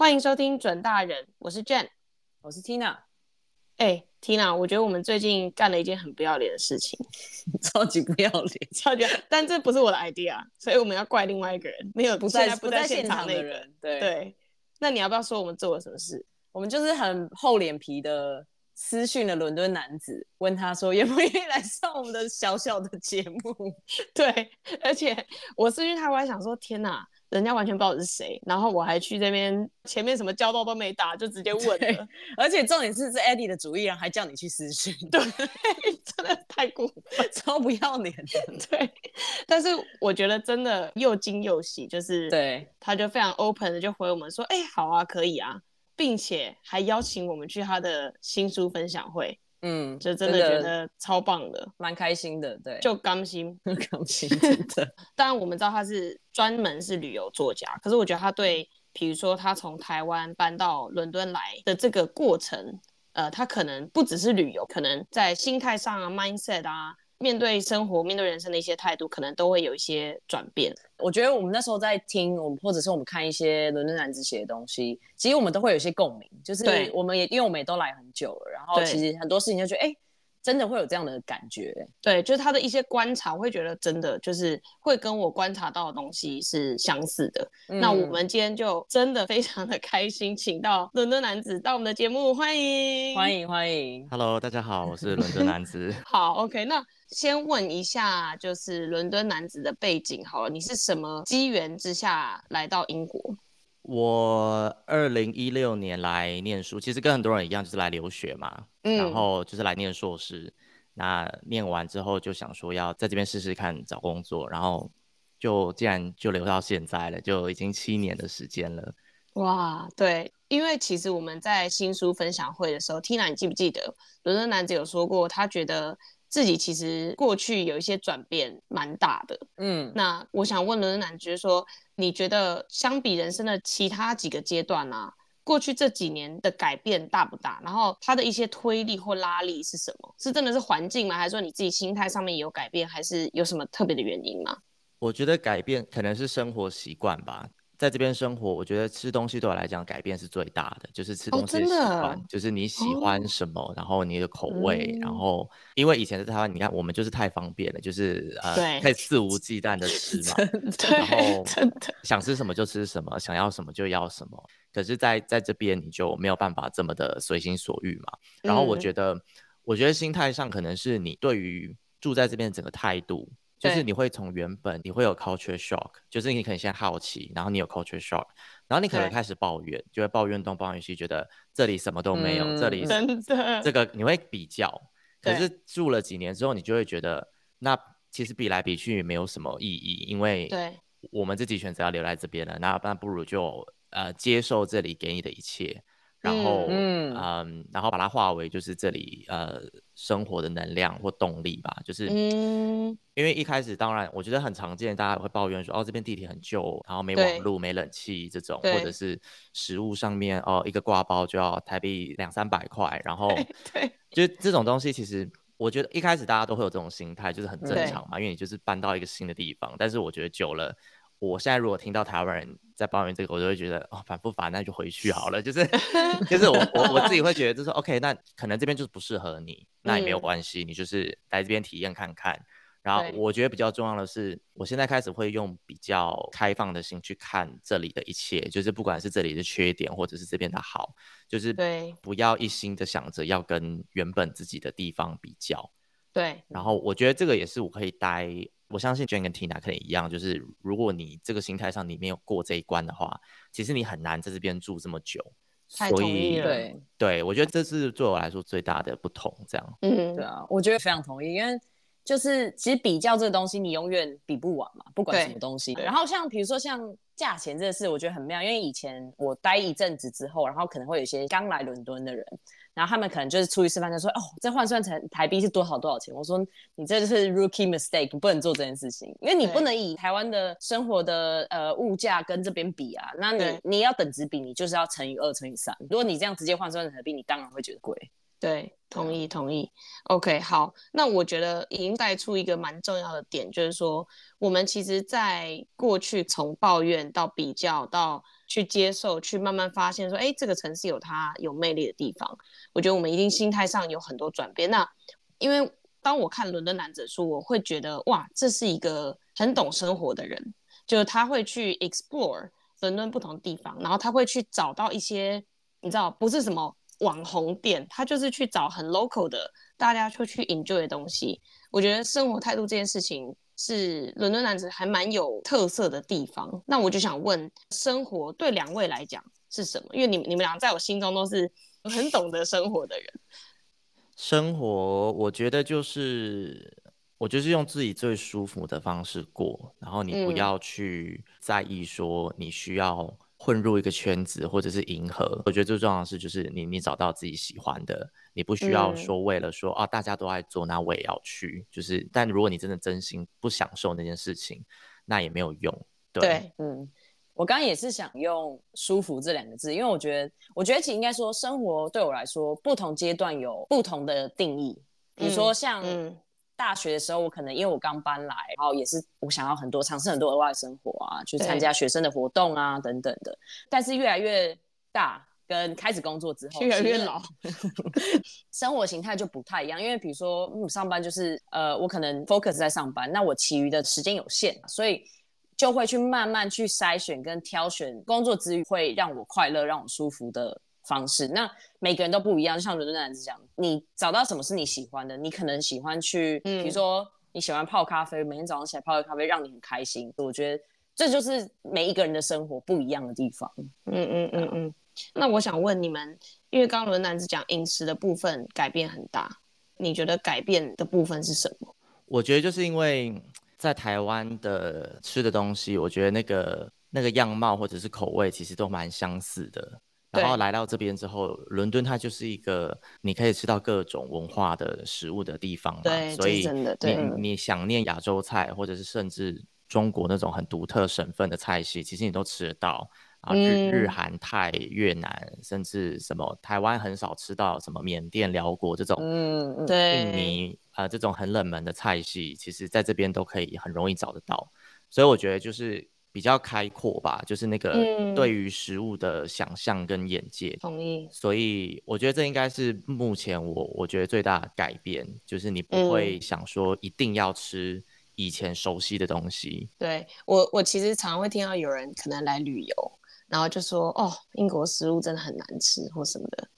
歡迎收聽準大人，我是 Jen，我是 Tina。哎、欸、Tina，我覺得我們最近幹了一件很不要臉的事情， 超級不要臉，超級。但這不是我的 idea，所以我們要怪另外一個人，沒有不在不在現場的人。那個、對，對那你要不要說我們做了什麼事？我們就是很厚臉皮的私訊的倫敦男子，問他說願不願意來上我們的小小的節目。 對，而且我私訊他，我還想說，天哪。人家完全不知道是誰，然後我還去這邊前面什麼交道都沒打，就直接問了。而且重點是這 Eddie 的主意，然後還叫你去私訊，對，真的太過 超不要臉。對，但是我覺得真的又驚又喜，就是對，他就非常 open 的就回我們說，哎，好啊，可以啊，並且還邀請我們去他的新書分享會。嗯，就真的覺得超棒的，蠻開心的。對，就甘心，甘 心真的。 當然我們知道他是專門是旅遊作家，可是我覺得他對，比如說他從台灣搬到倫敦來的這個過程，呃，他可能不只是旅遊，可能在心態上啊，mindset 啊。面對生活、面對人生的一些態度，可能都會有一些轉變。我覺得我們那時候在聽我們，或者是我們看一些倫敦男子寫的東西，其實我們都會有一些共鳴。就是我們也因為我們也都來很久了，然後其實很多事情就覺得，哎。欸真的會有這樣的感覺，對，就是他的一些觀察，我會覺得真的就是會跟我觀察到的東西是相似的，嗯。那我們今天就真的非常的開心，請到倫敦男子到我們的節目，歡迎，歡迎，歡迎。Hello，大家好，我是倫敦男子。 好，OK，那先問一下，就是倫敦男子的背景，好了，你是什麼機緣之下來到英國？我二零一六年來念書，其實跟很多人一樣，就是來留學嘛、嗯，然後就是來念碩士。那念完之後就想說要在這邊試試看找工作，然後就既然就留到現在了，就已經七年的時間了。哇，對，因為其實我們在新書分享會的時候，Tina，你記不記得倫敦男子有說過，他覺得。自己其實過去有一些轉變，蠻大的。嗯，那我想問倫敦男子，就是說，你覺得相比人生的其他幾個階段呢，啊，過去這幾年的改變大不大？然後它的一些推力或拉力是什麼？是真的是環境嗎？還是說你自己心態上面有改變？還是有什麼特別的原因嗎？我覺得改變可能是生活習慣吧。在這邊生活，我覺得吃東西對我來講改變是最大的，就是吃東西喜歡，oh, 就是你喜歡什麼，oh. 然後你的口味，嗯、然後因為以前在台灣，你看我們就是太方便了，就是呃，可以肆無忌憚的吃嘛， 然後想吃什麼就吃什麼，想要什麼就要什麼。可是在，在在這邊你就沒有辦法這麼的隨心所欲嘛。然後我覺得，嗯、我覺得心態上可能是你對於住在這邊整個態度，就是你會從原本你會有 culture shock，就是你可能先好奇，然後你有 culture shock，然後你可能開始抱怨，就會抱怨東抱怨西，覺得這裡什麼都沒有，嗯、這裡真的這個你會比較。可是住了幾年之後，你就會覺得，那其實比來比去沒有什麼意義，因為我們自己選擇要留在這邊了，那那不如就呃接受這裡給你的一切。然後嗯嗯，嗯，然後把它化為就是這裡呃生活的能量或動力吧，就是、嗯、因為一開始當然我覺得很常見，大家會抱怨說哦這邊地鐵很舊，然後沒網路、沒冷氣這種，或者是食物上面哦一個掛包就要台幣兩三百塊，然後就是這種東西其實我覺得一開始大家都會有這種心態，就是很正常嘛，因為你就是搬到一個新的地方，但是我覺得久了。我現在如果聽到台灣人在抱怨這個，我就會覺得哦，煩不煩？那就回去好了。 就是，就是我我，我自己會覺得，就是 OK。那可能這邊就是不適合你，那也沒有關係。嗯，你就是來這邊體驗看看。然後我覺得比較重要的是，我現在開始會用比較開放的心去看這裡的一切，就是不管是這裡的缺點或者是這邊的好，就是不要一心的想着要跟原本自己的地方比較。對。然後我覺得這個也是我可以待。我相信 Jen 跟 Tina 可能也一樣，就是如果你這個心態上你沒有過這一關的話，其實你很難在這邊住這麼久。太同意了，所以對，對我覺得這是對我來說最大的不同，這樣，嗯，對啊，我覺得非常同意，因為。就是其實比較這個東西，你永遠比不完嘛，不管什麼東西。然後像比如說像價錢這個事，我覺得很妙，因為以前我待一陣子之後，然後可能會有一些剛來倫敦的人，然後他們可能就是出去吃飯，就說哦，這換算成台幣是多少多少錢。我說你這是 rookie mistake，不能做這件事情，因為你不能以台灣的生活的呃物價跟這邊比啊，那你你要等值比，你就是要乘以二乘以三。如果你這樣直接換算成台幣，你當然會覺得貴。對，同意同意，OK，好，那我覺得已經帶出一個蠻重要的點，就是說，我們其實，在過去從抱怨到比較，到去接受，去慢慢發現，說，哎，這個城市有它有魅力的地方。我覺得我們一定心態上有很多轉變。那因為當我看《倫敦男子》書，我會覺得，哇，這是一個很懂生活的人，就是他會去 explore 倫敦不同的地方，然後他會去找到一些，你知道，不是什麼。網紅店，他就是去找很 local 的，大家出去 enjoy 的東西。我覺得生活態度這件事情是倫敦男子還蠻有特色的地方。那我就想問，生活對兩位來講是什麼？因為你們你們倆在我心中都是很懂得生活的人。生活，我覺得就是我就是用自己最舒服的方式過，然後你不要去在意說你需要。混入一個圈子，或者是迎合，我覺得最重要的是，就是你你找到自己喜歡的，你不需要說為了說、嗯、啊，大家都愛做，那我也要去。就是，但如果你真的真心不享受那件事情，那也沒有用。對，對，嗯，我剛剛也是想用舒服這兩個字，因為我覺得，我覺得其實應該說，生活對我來說，不同階段有不同的定義。比如說像。嗯嗯大學的時候，我可能因為我剛搬來，然後也是我想要很多嘗試很多額外生活啊，去參加學生的活動啊等等的。但是越來越大，跟開始工作之後，越來越老， 生活形態就不太一樣。因為比如說，嗯，上班就是呃，我可能 focus 在上班，那我其餘的時間有限，所以就會去慢慢去篩選跟挑選工作之餘會讓我快樂、讓我舒服的。方式，那每個人都不一樣，就像倫敦男子講，你找到什麼是你喜歡的，你可能喜歡去，嗯、比如說你喜歡泡咖啡，每天早上起來泡個咖啡讓你很開心。我覺得這就是每一個人的生活不一樣的地方。嗯嗯嗯嗯。啊、那我想問你們，因為剛剛倫敦男子講飲食的部分改變很大，你覺得改變的部分是什麼？我覺得就是因為在台灣的吃的東西，我覺得那個那個樣貌或者是口味其實都蠻相似的。然後來到這邊之後，倫敦它就是一個你可以吃到各種文化的食物的地方嘛。對，是真的。對。你你想念亞洲菜，或者是甚至中國那種很獨特省份的菜系，其實你都吃得到。啊、嗯，日日韓泰越南，甚至什麼台灣很少吃到什麼緬甸、寮國這種。嗯嗯。印尼啊、呃，這種很冷門的菜系，其實在這邊都可以很容易找得到。所以我覺得就是。比較開闊吧，就是那個對於食物的想象跟眼界。嗯，同意。所以我覺得這應該是目前我我覺得最大的改變，就是你不會想說一定要吃以前熟悉的東西。嗯，對，我，我其實常常會聽到有人可能來旅遊，然後就說哦，英國食物真的很難吃或什麼的。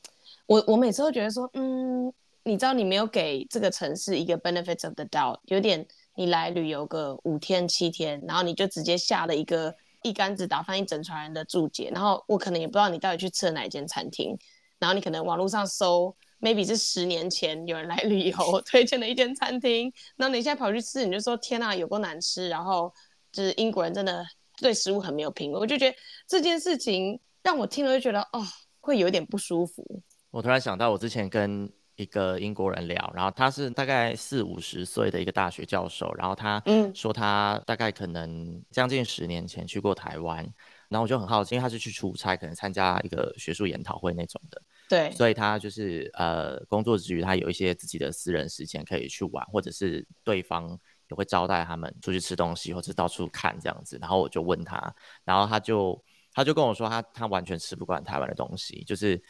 我我每次都覺得說，嗯，你知道你沒有給這個城市一個 benefit of the doubt，有點。你來旅遊個五天七天，然後你就直接下了一個一竿子打翻一整船人的注解，然後我可能也不知道你到底去吃了哪一間餐廳，然後你可能網絡上搜，maybe 是十年前有人來旅遊推薦的一間餐廳， 然後你現在跑去吃，你就說天啊，有夠難吃，然後就是英國人真的對食物很沒有品味，我就覺得這件事情讓我聽了就覺得哦，會有一點不舒服。我突然想到，我之前跟。一個英國人聊，然後他是大概四五十歲的一個大學教授，然後他說他大概可能將近十年前去過台灣，嗯，然後我就很好奇，因為他是去出差，可能參加一個學術研討會那種的，對，所以他就是呃工作之餘他有一些自己的私人時間可以去玩，或者是對方也會招待他們出去吃東西或者到處看這樣子，然後我就問他，然後他就。他就跟我說他，他他完全吃不慣台灣的東西，就是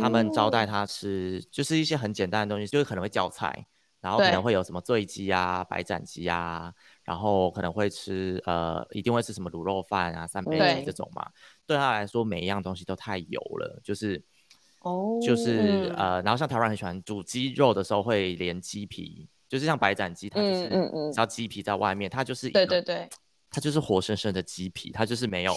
他們招待他吃，oh. 就是一些很簡單的東西，就是可能會叫菜，然後可能會有什麼醉雞啊、白斬雞啊，然後可能會吃呃，一定會吃什麼滷肉飯啊、三杯雞這種嘛對。對他來說，每一樣東西都太油了，就是哦，oh. 就是呃，然後像台灣人很喜歡煮雞肉的時候會連雞皮，就是像白斬雞，它就是嗯嗯然後雞、嗯、皮在外面，它就是一個對對對。它就是活生生的雞皮，它就是沒有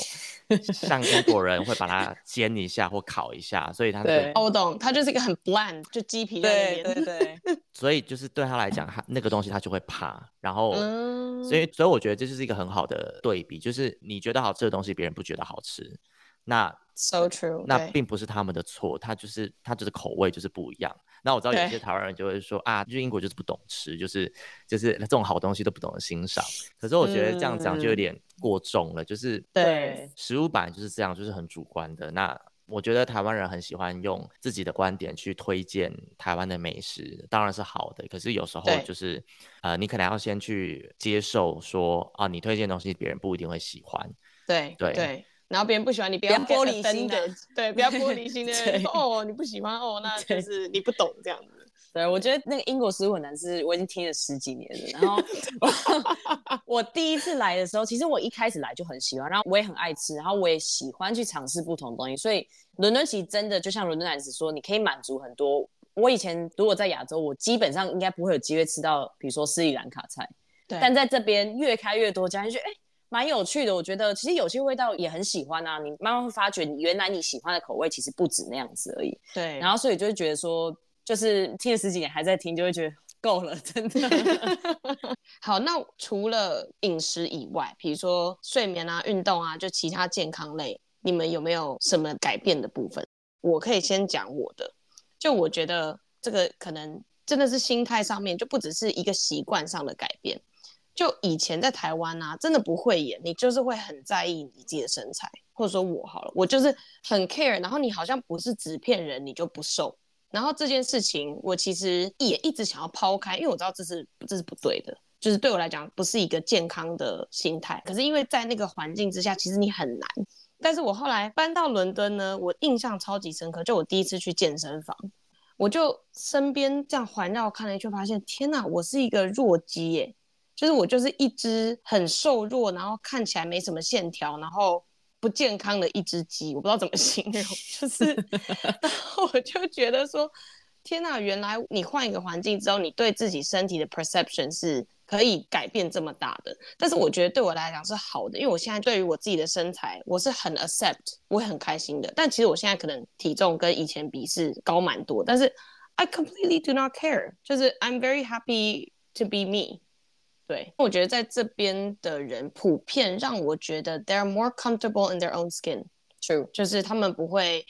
像中國人會把它煎一下或烤一下， 所以它、那個、對，我懂，它就是一個很 bland 就雞皮的對，對對對。所以就是對他來講，他那個東西他就會怕，然後，嗯、所以所以我覺得這就是一個很好的對比，就是你覺得好吃的東西，別人不覺得好吃。那 so true，、okay. 那並不是他們的錯，他就是他就是口味就是不一樣。那我知道有一些台灣人就會說、okay. 啊，就是英國就是不懂吃，就是就是這種好東西都不懂得欣賞。可是我覺得這樣講就有點過重了，嗯、就是對食物版就是這樣，就是很主觀的。那我覺得台灣人很喜歡用自己的觀點去推薦台灣的美食，當然是好的。可是有時候就是呃，你可能要先去接受說，啊，你推薦的東西別人不一定會喜歡。對對。對然後別人不喜歡你，不要玻璃心的、啊，對，不要玻璃心的， 哦，你不喜歡哦，那就是你不懂這樣子。對，我覺得那個英國食物很難吃，我已經聽了十幾年了。 然後我，我第一次來的時候，其實我一開始來就很喜歡，然後我也很愛吃，然後我也喜歡去嘗試不同的東西。所以倫敦其實真的就像倫敦男子說，你可以滿足很多。我以前如果在亞洲，我基本上應該不會有機會吃到，比如說斯里蘭卡菜。對。但在這邊越開越多家，人就覺得哎？欸蠻有趣的，我覺得其實有些味道也很喜歡啊。你慢慢會發覺，你原來你喜歡的口味其實不止那樣子而已。對。然後所以就會覺得說，就是聽了十幾年還在聽，就會覺得夠了，真的。 好，那除了飲食以外，比如說睡眠啊、運動啊，就其他健康類，你們有沒有什麼改變的部分？我可以先講我的，就我覺得這個可能真的是心態上面，就不只是一個習慣上的改變。就以前在台灣啊，真的不會演，你就是會很在意你自己的身材，或者說我好了，我就是很 care。然後你好像不是紙片人，你就不瘦。然後這件事情，我其實也一直想要拋開，因為我知道這是這是不對的，就是對我來講不是一個健康的心態。可是因為在那個環境之下，其實你很難。但是我後來搬到倫敦呢，我印象超級深刻，就我第一次去健身房，我就身邊這樣環繞看了一圈，發現天啊，我是一個弱雞耶。就是我就是一隻很瘦弱，然後看起來沒什麼線條，然後不健康的一隻雞，我不知道怎麼形容。 就是，然後我就覺得說，天哪！原來你換一個環境之後，你對自己身體的 perception 是可以改變這麼大的。但是我覺得對我來講是好的，因為我現在對於我自己的身材我是很 accept，我會很開心的。但其實我現在可能體重跟以前比是高蠻多，但是 I completely do not care，就是 I'm very happy to be me。對，我覺得在這邊的人普遍讓我覺得 they are more comfortable in their own skin，true，就是他們不會，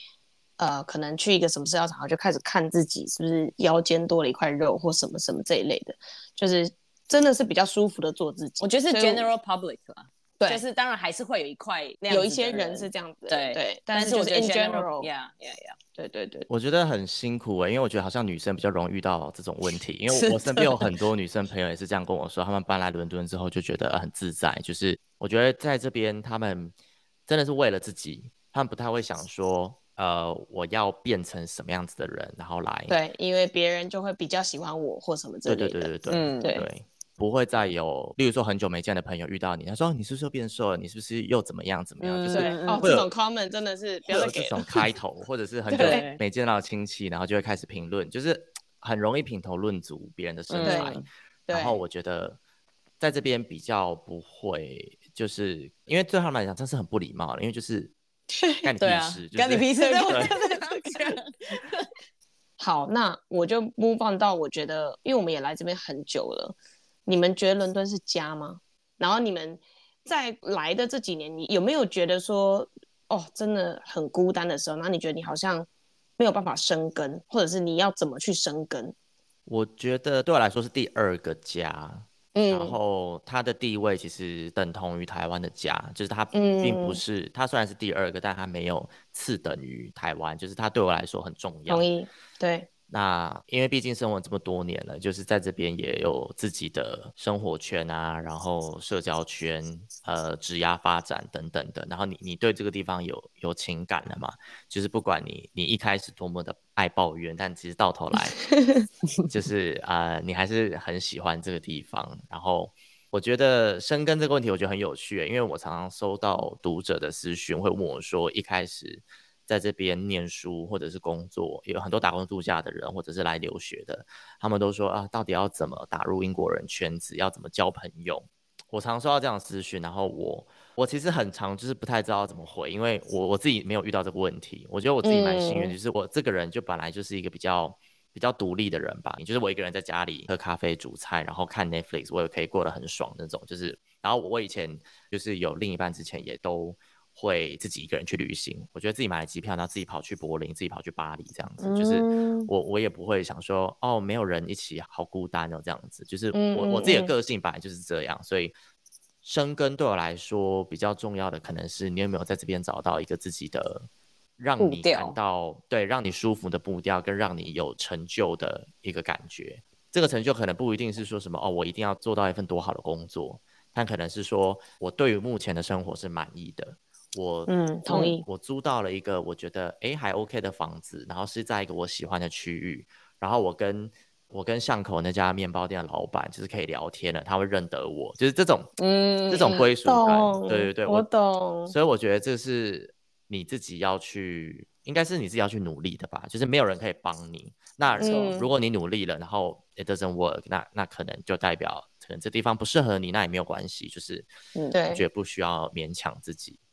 呃，可能去一個什麼社交場合就開始看自己是不是腰間多了一塊肉或什麼什麼這一類的，就是真的是比較舒服的做自己，我覺得是 general public 啊。就是當然還是會有一塊，有一些人是這樣子的。對對，對，但是我覺得。In, in general，yeah，yeah，yeah、yeah。Yeah, 對對對，我覺得很辛苦哎、欸，因為我覺得好像女生比較容易遇到這種問題， 因為我身邊有很多女生朋友也是這樣跟我說，她 們搬來倫敦之後就覺得很自在。就是我覺得在這邊，她們真的是為了自己，她們不太會想說，呃，我要變成什麼樣子的人，然後來。對，因為別人就會比較喜歡我或什麼之類的。對對對對對，嗯、對。不會再有，例如說很久沒見的朋友遇到你，他說：“哦、你是不是又變瘦了？你是不是又怎麼樣怎麼樣？”嗯、就是、嗯哦、這種 comment 真的是不要給。這種開頭或者是很久沒見到親戚， 然後就會開始評論，就是很容易品頭論足別人的身材、嗯。然後我覺得在這邊比較不會，就是因為對他們來講，真是很不禮貌了，因為就是干你屁事、 啊就是，干你屁事。 好，那我就 move on 到我覺得，因為我們也來這邊很久了。你們覺得倫敦是家嗎？然後你們在來的這幾年，你有沒有覺得說，哦，真的很孤單的時候？然後你覺得你好像沒有辦法生根，或者是你要怎麼去生根？我覺得對我來說是第二個家，嗯，然後他的地位其實等同於台灣的家，就是他並不是，嗯，他雖然是第二個，但他沒有次等於台灣，就是他對我來說很重要。同意，對。那因為畢竟生活這麼多年了，就是在這邊也有自己的生活圈啊，然後社交圈，呃，職業發展等等的。然後你你對這個地方有有情感的嘛？就是不管你你一開始多麼的愛抱怨，但其實到頭來 就是啊、呃，你還是很喜歡這個地方。然後我覺得生根這個問題，我覺得很有趣、欸，因為我常常收到讀者的私訊，會問我說一開始。在這邊念書或者是工作，有很多打工度假的人，或者是來留學的，他們都說啊，到底要怎麼打入英國人圈子，要怎麼交朋友？我常收到這樣的資訊，然後我我其實很常就是不太知道怎麼回，因為我我自己沒有遇到這個問題，我覺得我自己蠻幸運、嗯，就是我這個人就本來就是一個比較比較獨立的人吧，就是我一個人在家裡喝咖啡、煮菜，然後看 Netflix，我也可以過得很爽那種。就是，然後我我以前就是有另一半之前也都。會自己一個人去旅行。我覺得自己買了機票，然後自己跑去柏林，自己跑去巴黎這樣子。嗯，這樣子，就是我我也不會想說哦，沒有人一起，好孤單哦，這樣子，就是我我自己的個性本來就是這樣，嗯、所以生根對我來說比較重要的可能是你有沒有在這邊找到一個自己的讓你感到對讓你舒服的步調，跟讓你有成就的一個感覺。這個成就可能不一定是說什麼哦，我一定要做到一份多好的工作，但可能是說我對於目前的生活是滿意的。我嗯，同意，我租到了一個我覺得誒還 OK 的房子，然後是在一個我喜歡的區域，然後我跟我跟巷口那家麵包店的老闆就是可以聊天了，他會認得我，就是這種嗯，這種歸屬感，對對對我，我懂，所以我覺得這是你自己要去，應該是你自己要去努力的吧，就是沒有人可以幫你，那如果你努力了，然後 it doesn't work，那那可能就代表可能這地方不適合你，那也沒有關係，就是嗯，對，你絕不需要勉強自己。嗯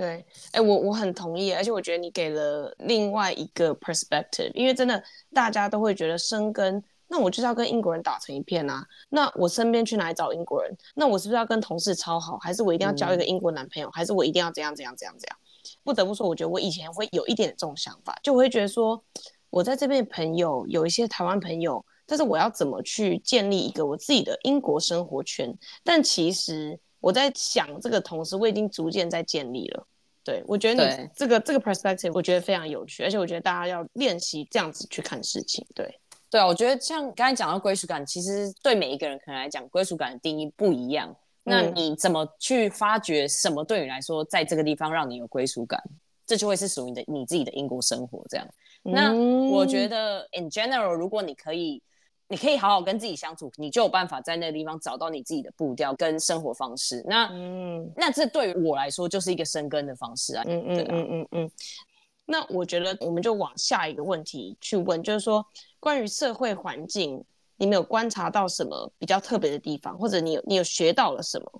對，哎、欸，我我很同意，而且我覺得你給了另外一個 perspective，因為真的，大家都會覺得生根，那我就是要跟英國人打成一片啊。那我身邊去哪裡找英國人？那我是不是要跟同事超好？還是我一定要交一個英國男朋友？嗯、還是我一定要怎樣怎樣怎樣怎樣？不得不說，我覺得我以前會有一點這種想法，就會覺得說我在這邊朋友有一些台灣朋友，但是我要怎麼去建立一個我自己的英國生活圈？但其實。我在想這個同時，我已經逐漸在建立了。對，我覺得你這個這個 perspective，我覺得非常有趣，而且我覺得大家要練習這樣子去看事情。對，對啊，我覺得像剛才講到歸屬感，其實對每一個人可能來講，歸屬感的定義不一樣。嗯、那你怎麼去發掘什麼對你來說在這個地方讓你有歸屬感？這就會是屬於你的你自己的英國生活這樣、嗯。那我覺得 in general，如果你可以，你可以好好跟自己相處，你就有辦法在那個地方找到你自己的步調跟生活方式。那、嗯、那這對於我來說就是一個生根的方式啊。嗯嗯嗯嗯嗯。那我覺得我們就往下一個問題去問，就是說關於社會環境，你沒有觀察到什麼比較特別的地方，或者你有你有學到了什麼？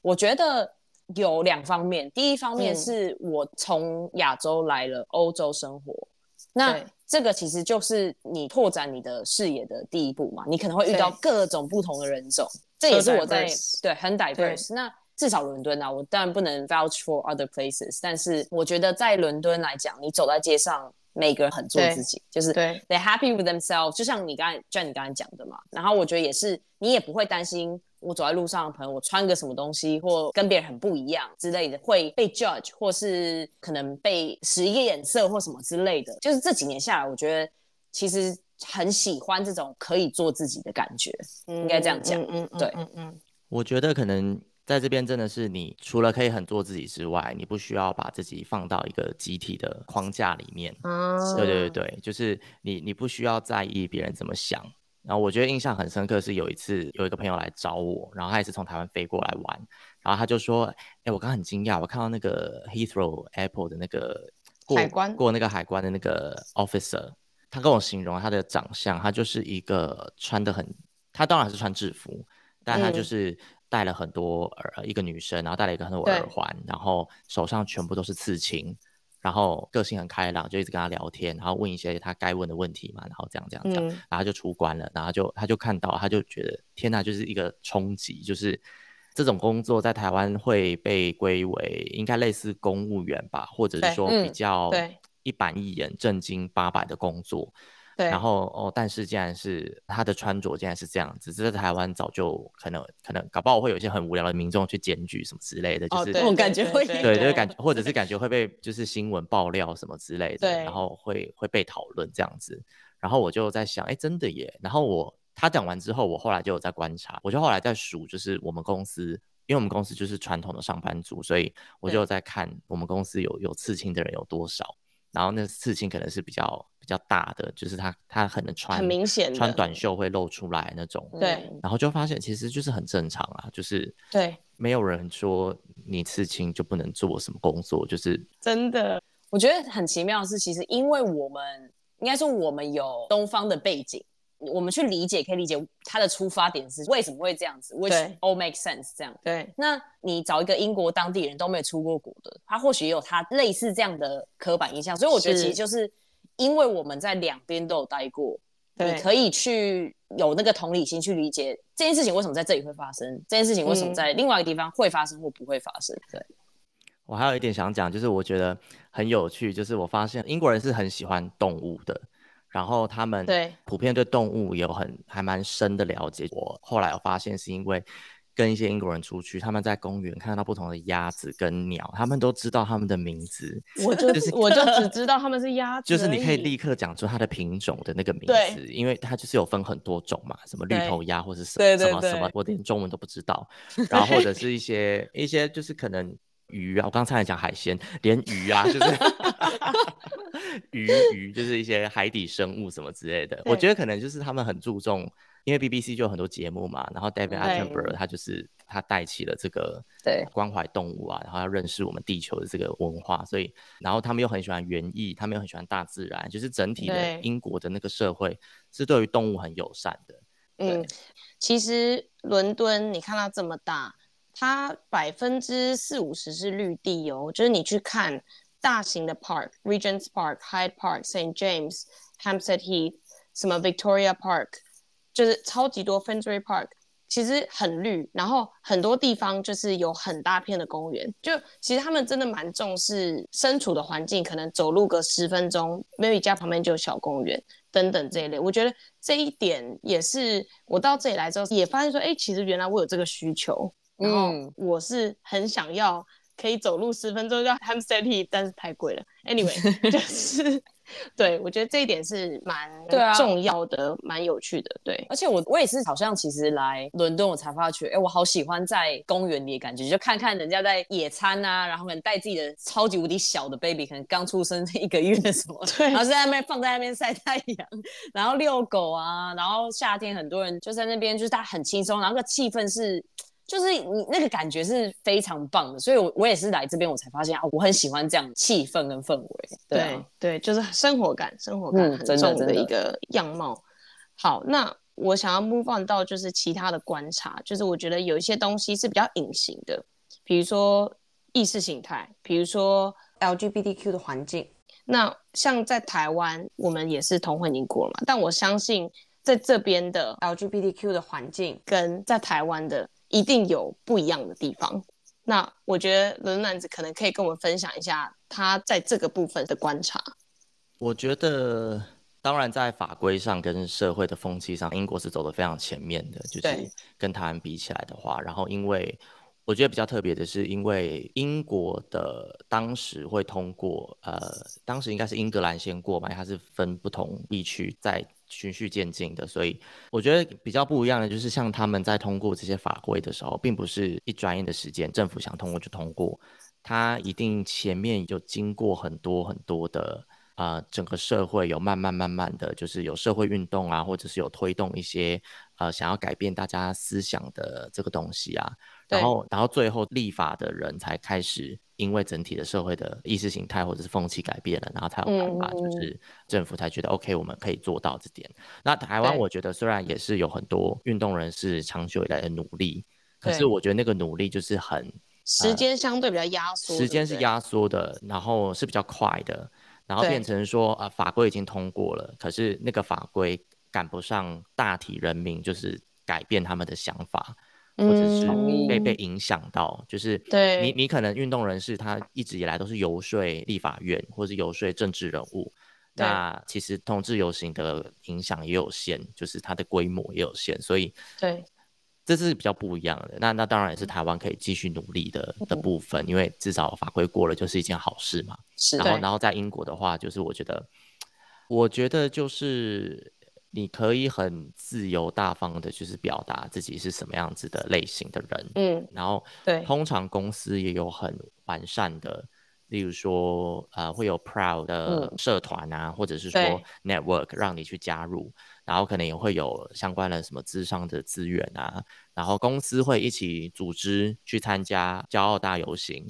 我覺得有兩方面，第一方面是我從亞洲來了歐洲生活，嗯、那。對這個其實就是你拓展你的視野的第一步嘛，你可能會遇到各種不同的人種，這也是我在，so diverse, 對，很 diverse，對。那至少倫敦啊，我當然不能 vouch for other places，但是我覺得在倫敦來講，你走在街上。每個人很做自己，就是對 they happy with themselves。就像你剛才，像你剛才講的嘛。然後我覺得也是，你也不會擔心我走在路上，朋友我穿個什麼東西或跟別人很不一樣之類的，會被 judge 或是可能被使一個眼色或什麼之類的。就是這幾年下來，我覺得其實很喜歡這種可以做自己的感覺，嗯、應該這樣講。嗯，對、嗯，嗯嗯，我覺得可能。在這邊真的是，你除了可以很做自己之外，你不需要把自己放到一個集體的框架裡面。哦，對對對對，就是你，你不需要在意別人怎麼想。然後我覺得印象很深刻，是有一次有一個朋友來找我，然後他也是從台灣飛過來玩，然後他就說：“哎，我剛很驚訝，我看到那個 Heathrow Airport 的那個過海關過那個海關的那個 officer，他跟我形容他的長相，他就是一個穿得很，他當然是穿制服，但他就是。嗯”戴了很多耳，一個女生，然後戴了一個很多耳環，然後手上全部都是刺青，然後個性很開朗，就一直跟她聊天，然後問一些她該問的問題嘛，然後這樣這樣這樣，然後就出關了，嗯、然後就她就看到，她就覺得天吶，就是一個衝擊，就是這種工作在台灣會被歸為應該類似公務員吧，或者是說比較一板一眼、正經八百的工作。對。然後哦，但是竟然是他的穿着，竟然是這樣子。這是在台灣早就可能可能，搞不好會有一些很無聊的民眾去檢舉什麼之類的，就是感覺會，對，就是感覺，或者是感覺會被就是新聞爆料什麼之類的，對。然後會會被討論這樣子。然後我就在想，哎，真的耶。然後我他講完之後，我後來就有在觀察，我就後來在數，就是我們公司，因為我們公司就是傳統的上班族，所以我就在看我們公司有有刺青的人有多少。然後那刺青可能是比較比較大的，就是他他很能穿，很明顯的穿短袖會露出來那種。對，然後就發現其實就是很正常啊，就是對，沒有人說你刺青就不能做什麼工作，就是真的。我覺得很奇妙的是，其實因為我們應該說我們有東方的背景。我們去理解，可以理解他的出發點是為什麼會這樣子，which all makes sense 這樣。對。那你找一個英國當地人都沒有出過國的，他或許也有他類似這樣的刻板印象。所以我覺得其實就是因為我們在兩邊都有待過，你可以去有那個同理心去理解這件事情為什麼在這裡會發生，這件事情為什麼在另外一個地方會發生或不會發生。對。我還有一點想講，就是我覺得很有趣，就是我發現英國人是很喜歡動物的。然後他們對普遍對動物有很還蠻深的了解。我後來我發現是因為跟一些英國人出去，他們在公園看到不同的鴨子跟鳥，他們都知道他們的名字。我就就是 我就只知道他們是鴨子，就是你可以立刻講出它的品種的那個名字，因為它就是有分很多種嘛，什麼綠頭鴨或者什麼什麼什麼，我連中文都不知道。然後或者是一些 一些就是可能。魚啊！我剛才在講海鮮，連魚啊，就是魚 魚，魚就是一些海底生物什麼之類的。我覺得可能就是他們很注重，因為 BBC 就有很多節目嘛。然後 David Attenborough 他就是他帶起了這個對，關懷動物啊，然後要認識我們地球的這個文化。所以，然後他們又很喜歡園藝，他們又很喜歡大自然，就是整體的英國的那個社會是對於動物很友善的。嗯，其實倫敦你看他這麼大。它百分之四五十是綠地哦，有就是你去看大型的 park，Regent's Park，Hyde Park，St James，Hampstead Heath，什麼 Victoria Park，就是超級多 Finsbury Park，其實很綠，然後很多地方就是有很大片的公園，就其實他們真的蠻重視身處的環境，可能走路個十分鐘，maybe 家旁邊就有小公園等等這一類，我覺得這一點也是我到這裡來之後也發現說，哎，其實原來我有這個需求。然後我是很想要可以走路十分鐘就要 Hampstead Heath 但是太貴了。Anyway， 就是對我覺得這一點是蠻重要的，啊、蠻有趣的。對，而且我我也是好像其實來倫敦我才發覺，哎，我好喜歡在公園裡的感覺，就看看人家在野餐啊，然後可能帶自己的超級無敵小的 baby，可能剛出生一個月的什麼，對然後是在那邊放在那邊曬太陽，然後遛狗啊，然後夏天很多人就在那邊，就是他很輕鬆，然後那個氣氛是。就是你那個感覺是非常棒的，所以，我我也是來這邊，我才發現啊，我很喜歡這樣氣氛跟氛圍。對、啊、對，對，就是生活感，生活感很重的一個樣貌、嗯。好，那我想要 move on 到就是其他的觀察，就是我覺得有一些東西是比較隱形的，比如說意識形態，比如說 LGBTQ 的環境。那像在台灣，我們也是同婚英國嘛，但我相信在這邊的 LGBTQ 的環境跟在台灣的。一定有不一樣的地方。那我覺得倫敦男子可能可以跟我們分享一下他在這個部分的觀察。我覺得，當然在法規上跟社會的風氣上，英國是走得非常前面的，就是跟台灣比起來的話。然後，因為我覺得比較特別的是，因為英國的當時會通過，呃，當時應該是英格蘭先過嘛，它是分不同地區在。循序漸進的，所以我覺得比較不一樣的就是，像他們在通過這些法規的時候，並不是一轉眼的時間，政府想通過就通過，他一定前面有經過很多很多的，啊、呃，整個社會有慢慢慢慢的就是有社會運動啊，或者是有推動一些，啊、呃，想要改變大家思想的這個東西啊。然後，然後最後立法的人才開始，因為整體的社會的意識形態或者是風氣改變了，然後才有辦法，就是政府才覺得嗯嗯 OK，我們可以做到這點。那台灣我覺得雖然也是有很多運動人士長久以來的努力，可是我覺得那個努力就是很、呃、時間相對比較壓縮，時間是壓縮的，對對，然後是比較快的，然後變成說啊、呃、法規已經通過了，可是那個法規趕不上大體人民就是改變他們的想法，或者是被被影響到、嗯，就是你對你可能運動人士他一直以來都是遊說立法院或是遊說政治人物，那其實同志遊行的影響也有限，就是它的規模也有限，所以對，這是比較不一樣的。那那當然也是台灣可以繼續努力的、嗯、的部分，因為至少法規過了就是一件好事嘛。是，然後然後在英國的話，就是我覺得我覺得就是。你可以很自由大方的，就是表達自己是什麼樣子的類型的人，嗯，然後對，通常公司也有很完善的，例如說，呃，會有 Proud 的社團啊，嗯、或者是說 Network 讓你去加入，然後可能也會有相關的什麼諮商的資源啊，然後公司會一起組織去參加驕傲大遊行，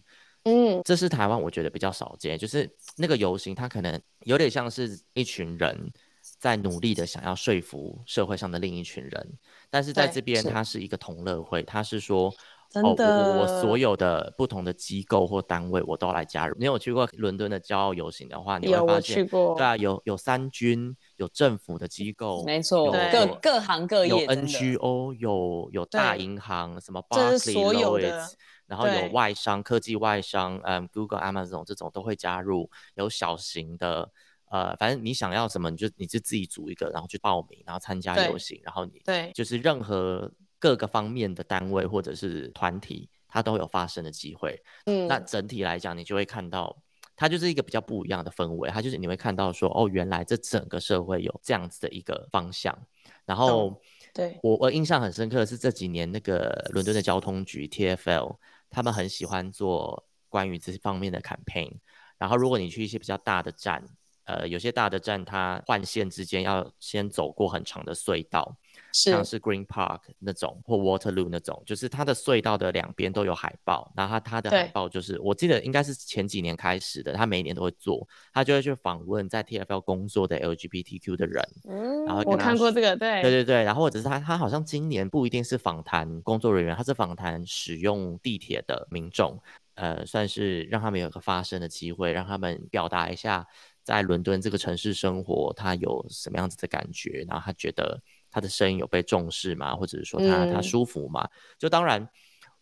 嗯，這是台灣我覺得比較少見，就是那個遊行它可能有點像是一群人。在努力的想要說服社會上的另一群人，但是在這邊，他是一個同樂會，是他是說，真的哦我，我所有的不同的機構或單位，我都來加入。你有去過倫敦的驕傲遊行的話，你會發現，對啊，有有三軍，有政府的機構，沒錯，有有各各行各業，有 NGO，有有大銀行，什麼 Barclays 然後有外商，科技外商，嗯、um,，Google、Amazon 這種都會加入，有小型的。呃，反正你想要什麼，你就你就自己組一個，然後去報名，然後參加遊行，然後你對，就是任何各個方面的單位或者是團體，它都有發聲的機會。嗯，那整體來講，你就會看到，它就是一個比較不一樣的氛圍。它就是你會看到說，哦，原來這整個社會有這樣子的一個方向。然後，嗯、對我我印象很深刻的是這幾年那個倫敦的交通局 TFL，他們很喜歡做關於這些方面的 campaign。然後，如果你去一些比較大的站。呃，有些大的站，它換線之間要先走過很長的隧道，是像是 Green Park 那種或 Waterloo 那種，就是它的隧道的兩邊都有海報。然後它的海報就是，我記得應該是前幾年開始的，他每一年都會做，他就會去訪問在 TFL 工作的 LGBTQ 的人。嗯，然後我看過這個，對對對對。然後或者是他，他好像今年不一定是訪談工作人員，他是訪談使用地鐵的民眾，呃，算是讓他們有個發聲的機會，讓他們表達一下。在倫敦這個城市生活，他有什麼樣子的感覺？然後他覺得他的聲音有被重視嗎？或者是說他、嗯、他舒服嗎？就當然，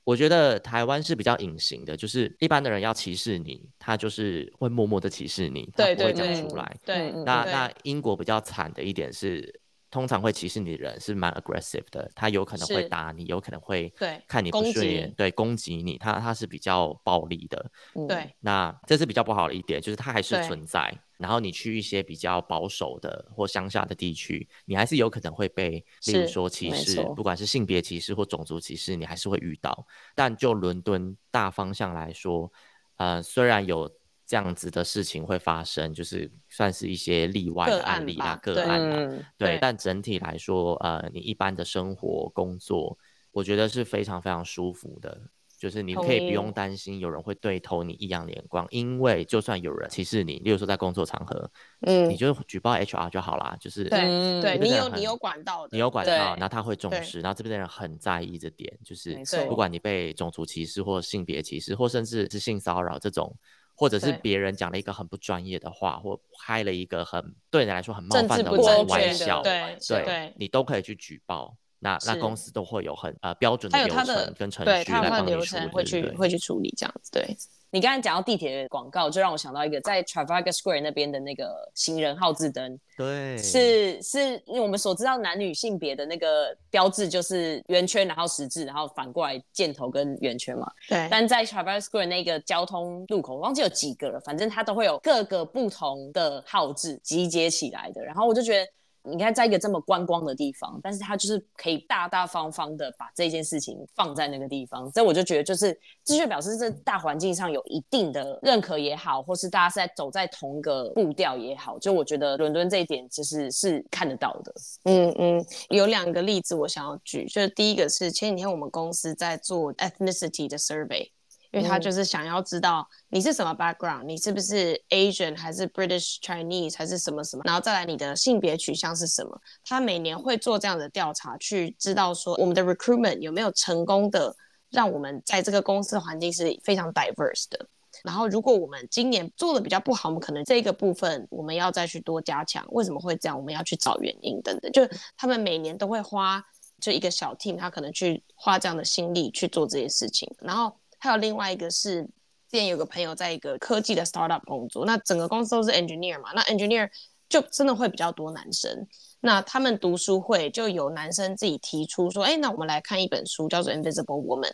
我覺得台灣是比較隱形的，就是一般的人要歧視你，他就是會默默的歧視你，他不會講出來。對，對，對，那、嗯，對那，嗯、對那英國比較慘的一點是，通常會歧視你的人是蠻 aggressive 的，他有可能會打你，有可能會看你不順眼，對，攻擊，攻擊你，他他是比較暴力的。對，嗯、那這是比較不好的一點，就是他還是存在。然後你去一些比較保守的或鄉下的地區，你還是有可能會被，例如說歧視，不管是性別歧視或種族歧視，你還是會遇到。但就倫敦大方向來說，呃，雖然有這樣子的事情會發生，就是算是一些例外的案例、啊、個案，案、啊，對、對，對。但整體來說，呃，你一般的生活、工作，我覺得是非常非常舒服的。就是你可以不用擔心有人會對投你異樣的眼光，因為就算有人歧視你，例如說在工作場合，嗯，你就舉報 HR 就好啦。就是對你有你有管道的，你有管道，然後他會重視，然後這邊的人很在意這點，就是不管你被種族歧視或性別歧視，或甚至是性騷擾這種，或者是別人講了一個很不專業的話，或開了一個很對你來說很冒犯的，的玩笑對，對，對，你都可以去舉報。那那公司都會有很呃標準的流程跟程序，他有他的，對他有他的有程的跟城區來幫你，流程會去會去處理這樣子。對你剛才講到地鐵廣告，就讓我想到一個在 Trafalgar Square 那邊的那個行人號字燈。對，是是因為我們所知道男女性別的那個標誌就是圓圈，然後十字，然後反過來箭頭跟圓圈嘛。對，但在 Trafalgar Square 那個交通路口，我忘記有幾個了，反正它都會有各個不同的號字集結起來的。然後我就覺得。你看，在一個這麼觀光的地方，但是他就是可以大大方方的把這件事情放在那個地方，所以我就覺得，就是繼續表示這大環境上有一定的認可也好，或是大家是在走在同一個步調也好，就我覺得倫敦這一點其實是看得到的。嗯嗯，有兩個例子我想要舉，就是第一個是前幾天我們公司在做 ethnicity 的 survey。因為他就是想要知道你是什麼 background，你是不是 Asian 還是 British Chinese 還是什麼什麼，然後再來你的性別取向是什麼。他每年會做這樣的調查，去知道說我們的 recruitment 有沒有成功的讓我們在這個公司環境是非常 diverse 的。然後如果我們今年做的比較不好，我們可能這個部分我們要再去多加強。為什麼會這樣？我們要去找原因等等。就是他們每年都會花就一個小 team，他可能去花這樣的心力去做這些事情，然後。還有另外一個是，之前有個朋友在一個科技的 startup 工作，那整個公司都是 engineer 嘛，那 engineer 就真的會比較多男生。那他們讀書會就有男生自己提出說，哎，那我們來看一本書叫做《Invisible Woman》，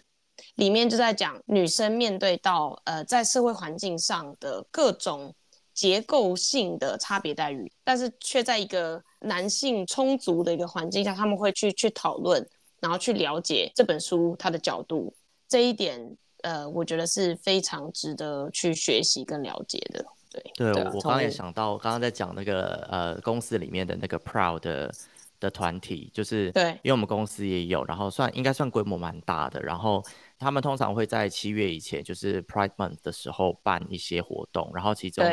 裡面就在講女生面對到呃在社會環境上的各種結構性的差別待遇，但是卻在一個男性充足的一個環境下，他們會去去討論，然後去了解這本書它的角度這一點。呃，我覺得是非常值得去學習跟了解的。對，對、對、啊、我剛剛也想到，剛剛在講那個呃公司裡面的那個 Proud 的的團體，就是對，因為我們公司也有，然後算應該算規模蠻大的。然後他們通常會在七月以前，就是 Pride Month 的時候辦一些活動。然後其中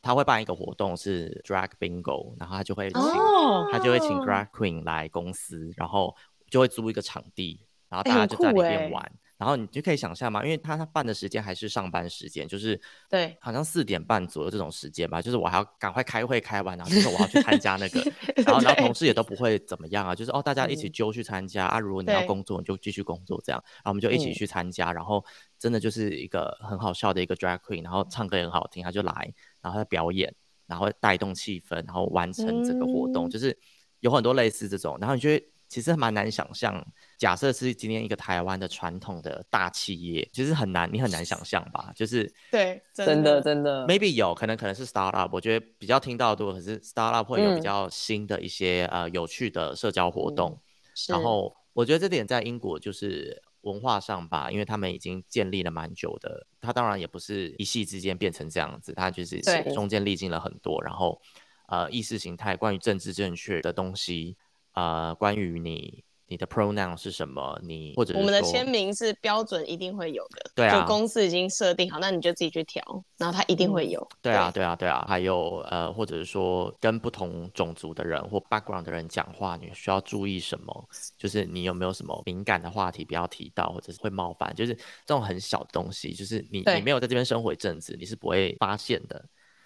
他會辦一個活動是 Drag Bingo，然後他就會請、哦、他就會請 Drag Queen 來公司，然後就會租一個場地，然後大家就在裡面玩。然後你就可以想象嘛，因為他他辦的時間還是上班時間，就是對，好像四點半左右這種時間吧，就是我還要趕快開會開完， 然後就是我要去參加那個，然 後然後同事也都不會怎麼樣啊，就是哦，大家一起揪去參加、嗯、啊，如果你要工作你就繼續工作這樣，然後我們就一起去參加、嗯，然後真的就是一個很好笑的一個 drag queen，然後唱歌也很好聽，他就來，然後表演，然後帶動氣氛，然後完成這個活動、嗯，就是有很多類似這種，然後你覺得其實蠻難想象。假設是今天一個台灣的傳統的大企業，其實很難，你很難想象吧？ 就是對，真的真的，真的，maybe 有可能可能是 startup。我覺得比較聽到的多，可是 startup 會有比較新的一些、嗯、呃有趣的社交活動。嗯、然後我覺得這點在英國就是文化上吧，因為他們已經建立了蠻久的。他當然也不是一夕之間變成這樣子，他就是中間歷經了很多，然後呃意識形態關於政治正確的東西呃關於你。你的 pronoun 是什麼？你或者我們的簽名是標準，一定會有的。對啊，就公司已經設定好，那你就自己去調，然後它一定會有。嗯、對啊對，對啊，對啊。還有呃，或者是說跟不同種族的人或 background 的人講話，你需要注意什麼？就是你有沒有什麼敏感的話題不要提到，或者是會冒犯？就是這種很小的東西，就是你你沒有在這邊生活一陣子，你是不會發現的。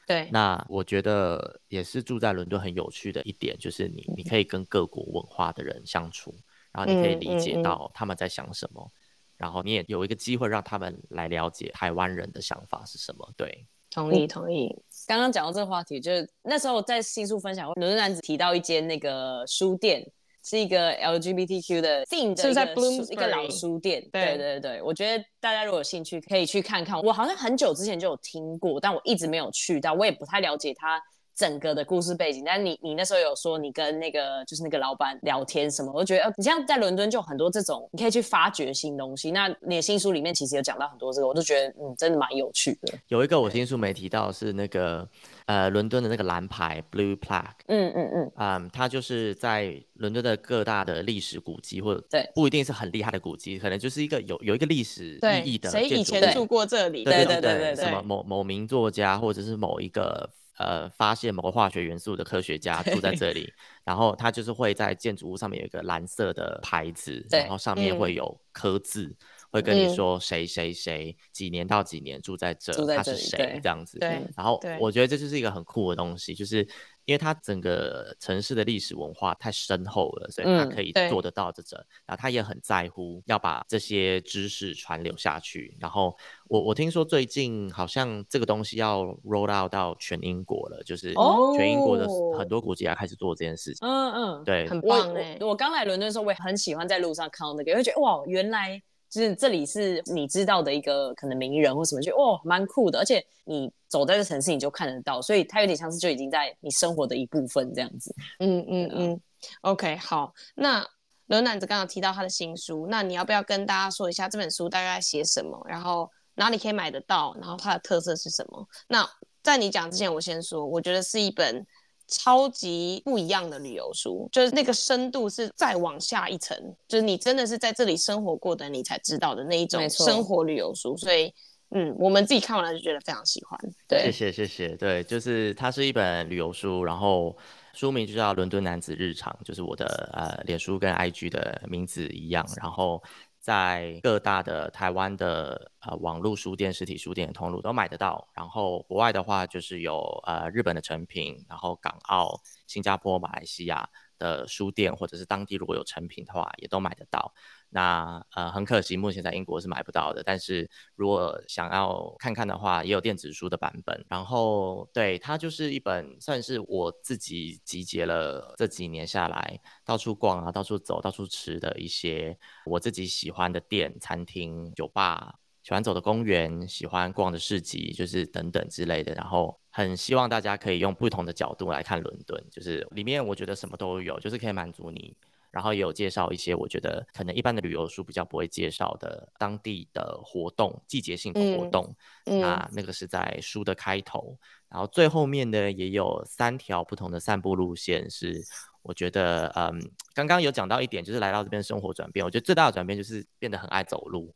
對，那我覺得也是住在倫敦很有趣的一點，就是你你可以跟各國文化的人相處。嗯然後你可以理解到他們在想什麼、嗯嗯，然後你也有一個機會讓他們來了解台灣人的想法是什麼。對，同意同意。剛剛講到這個話題，就是那時候我在新書分享會，倫敦男子提到一間那個書店，是一個 LGBTQ 的定的，是，是在 Bloom 一個老書店對。對對對，我覺得大家如果有興趣可以去看看。我好像很久之前就有聽過，但我一直沒有去到，我也不太了解它。整個的故事背景，但你你那時候有說你跟那個就是那個老闆聊天什麼，我就覺得、呃、你像在倫敦就有很多這種，你可以去發掘新東西。那你的新書裡面其實有講到很多這個，我都覺得嗯真的蠻有趣的。有一個我新書沒提到是那個呃倫敦的那個藍牌 Blue Plaque，嗯嗯嗯，啊、嗯嗯，它就是在倫敦的各大的歷史古蹟，或者不一定是很厲害的古蹟，可能就是一個有有一個歷史意義的誰以前住過這裡，對對對對、對、對、對、對，什麼某某名作家或者是某一個。呃，發現某個化學元素的科學家住在這裡，然後他就是會在建築物上面有一個藍色的牌子，然後上面會有刻字，嗯，會跟你說誰誰誰幾年到幾年住在這，嗯，他是誰這樣子對。對，然後我覺得這就是一個很酷的東西，就是。因為他整個城市的歷史文化太深厚了，所以他可以做得到這種、嗯。然後他也很在乎要把這些知識傳流下去。然後我我聽說最近好像這個東西要 roll out 到全英國了，就是全英國的很多古蹟啊開始做這件事情。嗯、哦、嗯，對，嗯嗯、很棒、欸。我我剛來倫敦的時候，我也很喜歡在路上看到那個，會覺得哇，原來。就是這裡是你知道的一個可能名人或什麼，就哦蠻酷的，而且你走在這城市你就看得到，所以它有點像是就已經在你生活的一部分這樣子。嗯嗯嗯，OK，好，那倫敦男子剛剛提到他的新書，那你要不要跟大家說一下這本書大概在寫什麼，然後哪裡可以買得到，然後它的特色是什麼？那在你講之前，我先說，我覺得是一本。超級不一樣的旅遊書，就是那個深度是再往下一層，就是你真的是在這裡生活過的，你才知道的那一種生活旅遊書。所以，嗯，我們自己看完了就覺得非常喜歡。對，謝謝謝謝，對，就是它是一本旅遊書，然後書名就叫《倫敦男子日常》，就是我的呃臉書跟 IG 的名字一樣，然後在各大的台灣的呃網絡書店、實體書店的通路都買得到，然後國外的話就是有呃日本的誠品，然後港澳、新加坡、馬來西亞的書店或者是當地如果有誠品的話，也都買得到。那呃很可惜，目前在英國是買不到的。但是如果想要看看的話，也有電子書的版本。然後對它就是一本，算是我自己集結了這幾年下來到處逛啊、到處走、到處吃的一些我自己喜歡的店、餐廳、酒吧，喜歡走的公園、喜歡逛的市集，就是等等之類的。然後很希望大家可以用不同的角度來看倫敦，就是裡面我覺得什麼都有，就是可以滿足你。然後也有介紹一些我覺得可能一般的旅遊書比較不會介紹的當地的活動、季節性的活動，嗯，嗯，那那個是在書的開頭。然後最後面呢也有三條不同的散步路線是，是我覺得嗯剛剛有講到一點，就是來到這邊生活轉變，我覺得最大的轉變就是變得很愛走路。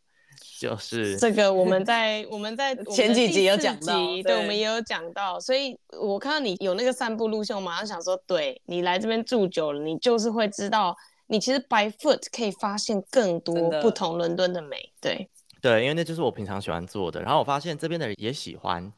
就是這個我，我們在我們在 前幾集有講到對，對，我們也有講到，所以我看到你有那個散步路線，我馬上想說，對，你來這邊住久了，你就是會知道，你其實 by foot 可以發現更多不同倫敦的美，真的對對，因為那就是我平常喜歡做的，然後我發現這邊的人也喜歡。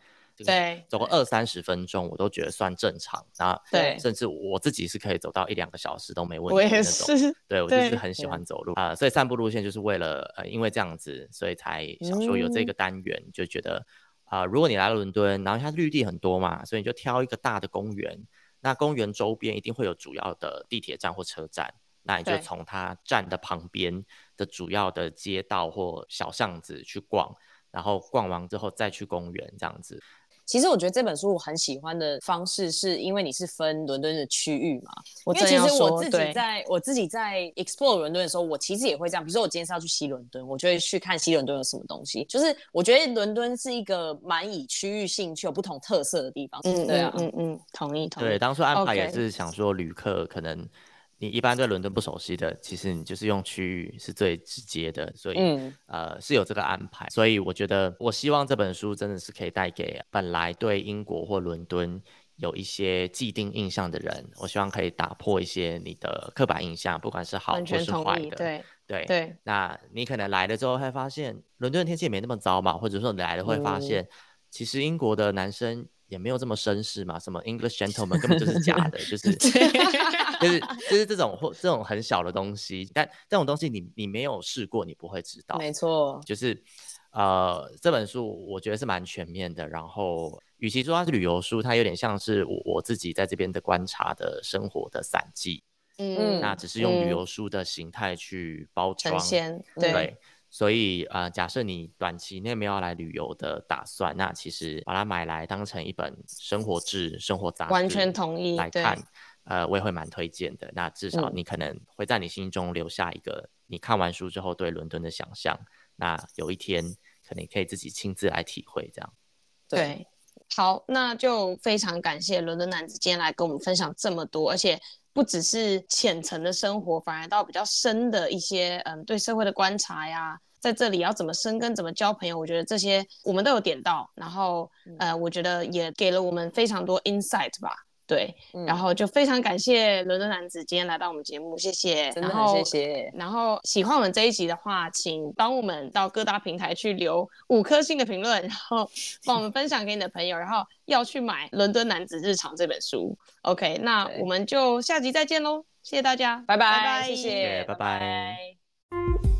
對，這個、走個二三十分鐘我都覺得算正常那。對，那甚至我自己是可以走到一兩個小時都沒問題那種。我也是，對，我就是很喜歡走路啊、呃，所以散步路線就是為了呃，因為這樣子，所以才想說有這個單元，嗯、就覺得啊、呃，如果你來了倫敦，然後它綠地很多嘛，所以你就挑一個大的公園，那公園周邊一定會有主要的地鐵站或車站，那你就從它站的旁邊的主要的街道或小巷子去逛，然後逛完之後再去公園這樣子。其實我覺得這本書我很喜歡的方式，是因為你是分倫敦的區域嘛？我因為其實我自己在我自己在 explore 倫敦的時候，我其實也會這樣。比如說，我今天是要去西倫敦，我就會去看西倫敦有什麼東西。就是我覺得倫敦是一個蠻以區域性去有不同特色的地方。嗯對啊，嗯嗯，嗯，同意同意。對，當初安排也是想說旅客可能。Okay. 你一般對倫敦不熟悉的，其實你就是用區域是最直接的，所以，嗯、呃，是有這個安排。所以我覺得，我希望這本書真的是可以帶給本來對英國或倫敦有一些既定印象的人，我希望可以打破一些你的刻板印象，不管是好或是壞的。對對，對。那你可能來了之後會發現，倫敦天氣也沒那麼糟嘛，或者說你來了會發現，嗯、其實英國的男生也沒有這麼紳士嘛，什麼 English gentleman 根本就是假的， 就是。 就是就是這種或這種很小的東西，但這種東西你你沒有試過，你不會知道。沒錯，就是呃，這本書我覺得是蠻全面的。然後，與其說它是旅遊書，它有點像是我我自己在這邊的觀察的生活的散記。嗯，那只是用旅遊書的形態去包裝、嗯。對。所以呃，假設你短期內沒有要來旅遊的打算，那其實把它買來當成一本生活誌、生活雜誌，完全同意來看。對呃，我也會蠻推薦的。那至少你可能會在你心中留下一個你看完書之後對倫敦的想象。那有一天可能你可以自己親自來體會這樣。對，對，好，那就非常感謝倫敦男子今天來跟我們分享這麼多，而且不只是淺層的生活，反而到比較深的一些，嗯，對社會的觀察呀，在這裡要怎麼生根、怎麼交朋友，我覺得這些我們都有點到。然後呃，我覺得也給了我們非常多 insight 吧。對、嗯，然後就非常感謝倫敦男子今天來到我們節目，謝謝，真的很謝謝。然後，然後喜歡我們這一集的話，請幫我們到各大平台去留五顆星的評論，然後幫我們分享給你的朋友， 然後要去買《倫敦男子日常》這本書。OK，那我們就下集再見嘍，謝謝大家，拜拜，拜拜謝謝 okay, bye bye，拜拜。